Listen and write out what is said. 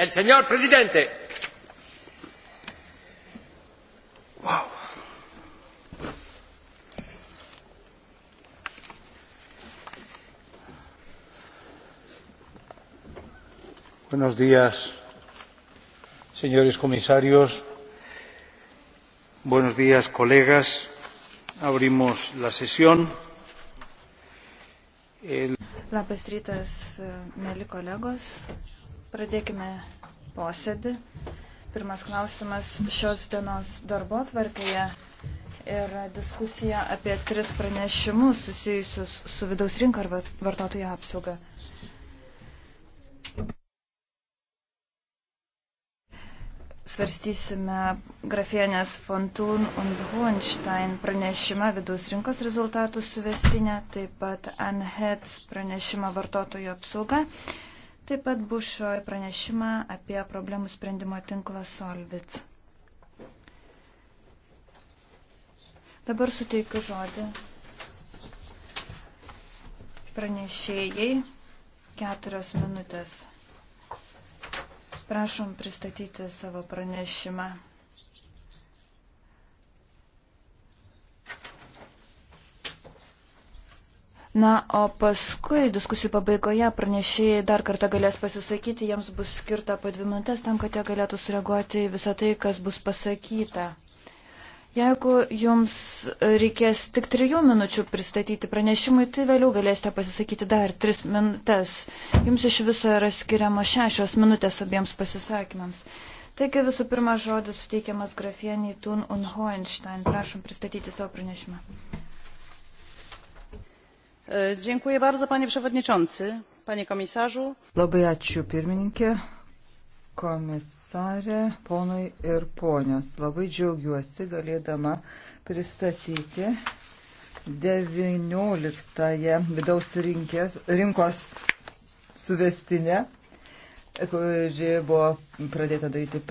El señor presidente. Wow. Buenos días, señores comisarios. Buenos días, colegas. Abrimos la sesión. El... Labas rytas, mėly kolegos. Pradėkime posėdį. Pirmas klausimas šios dienos darbo tvarkėje yra diskusija apie tris pranešimus susijusius su vidaus rinka ar vartotojų apsauga. svarstysime grafienės Fontun und Hohenstein pranešimą vidaus rinkos rezultatų suvestinę, taip pat Anhets pranešimą vartotojų apsauga Taip pat bušo pranešimą apie problemų sprendimo tinklą Solvit. Dabar suteikiu žodį pranešėjai keturios minutės. Prašom pristatyti savo pranešimą. Na, o paskui diskusijų pabaigoje pranešėjai dar kartą galės pasisakyti, jiems bus skirta po dvi minutės tam, kad jie galėtų sureaguoti į visą tai, kas bus pasakyta. Jeigu jums reikės tik trijų minučių pristatyti pranešimui, tai vėliau galėsite pasisakyti dar tris minutės. Jums iš viso yra skiriama šešios minutės abiems pasisakymams. Taigi visų pirma žodis suteikiamas grafieniai Tun Unhoenstein. Prašom pristatyti savo pranešimą. E, dziękuję bardzo, panie przewodniczący, panie komisarzu. Labai ačiū pirmininkė, komisarė, ponai ir ponios. Labai džiaugiuosi galėdama pristatyti 19 vidaus rinkės, rinkos suvestinę, kuri buvo pradėta daryti